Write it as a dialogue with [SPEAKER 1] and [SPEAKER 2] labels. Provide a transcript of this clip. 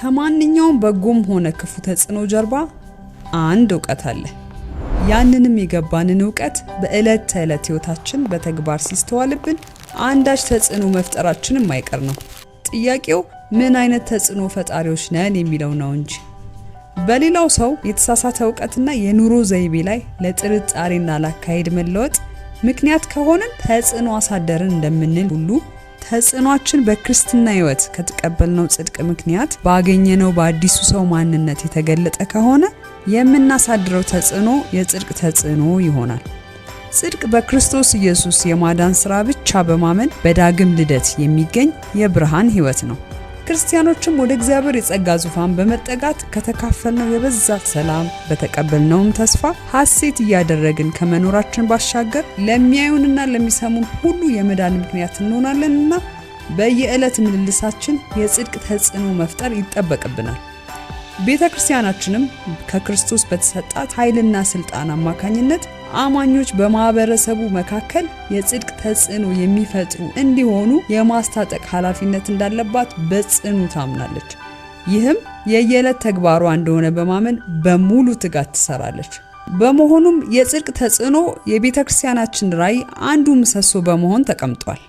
[SPEAKER 1] ከማንኛውም በጎም ሆነ ክፉ ተጽዕኖ ጀርባ አንድ እውቀት አለ። ያንንም የገባንን እውቀት በዕለት ተዕለት ሕይወታችን በተግባር ሲስተዋልብን አንዳች ተጽዕኖ መፍጠራችን የማይቀር ነው። ጥያቄው ምን አይነት ተጽዕኖ ፈጣሪዎች ነን የሚለው ነው እንጂ በሌላው ሰው የተሳሳተ እውቀትና የኑሮ ዘይቤ ላይ ለጥርጣሬና ላካሄድ መለወጥ ምክንያት ከሆንን ተጽዕኖ አሳደርን እንደምንል ሁሉ ተጽዕኗችን በክርስትና ህይወት ከተቀበልነው ጽድቅ ምክንያት ባገኘነው በአዲሱ ሰው ማንነት የተገለጠ ከሆነ የምናሳድረው ተጽዕኖ የጽድቅ ተጽዕኖ ይሆናል። ጽድቅ በክርስቶስ ኢየሱስ የማዳን ሥራ ብቻ በማመን በዳግም ልደት የሚገኝ የብርሃን ሕይወት ነው። ክርስቲያኖችም ወደ እግዚአብሔር የጸጋ ዙፋን በመጠጋት ከተካፈልነው የበዛ ሰላም በተቀበልነውም ተስፋ ሐሴት እያደረግን ከመኖራችን ባሻገር ለሚያዩንና ለሚሰሙን ሁሉ የመዳን ምክንያት እንሆናለንና በየዕለት ምልልሳችን የጽድቅ ተጽዕኖ መፍጠር ይጠበቅብናል። ቤተ ክርስቲያናችንም ከክርስቶስ በተሰጣት ኃይልና ስልጣን አማካኝነት አማኞች በማህበረሰቡ መካከል የጽድቅ ተጽዕኖ የሚፈጥሩ እንዲሆኑ የማስታጠቅ ኃላፊነት እንዳለባት በጽኑ ታምናለች። ይህም የየዕለት ተግባሯ እንደሆነ በማመን በሙሉ ትጋት ትሰራለች። በመሆኑም የጽድቅ ተጽዕኖ የቤተ ክርስቲያናችን ራዕይ አንዱ ምሰሶ በመሆን ተቀምጧል።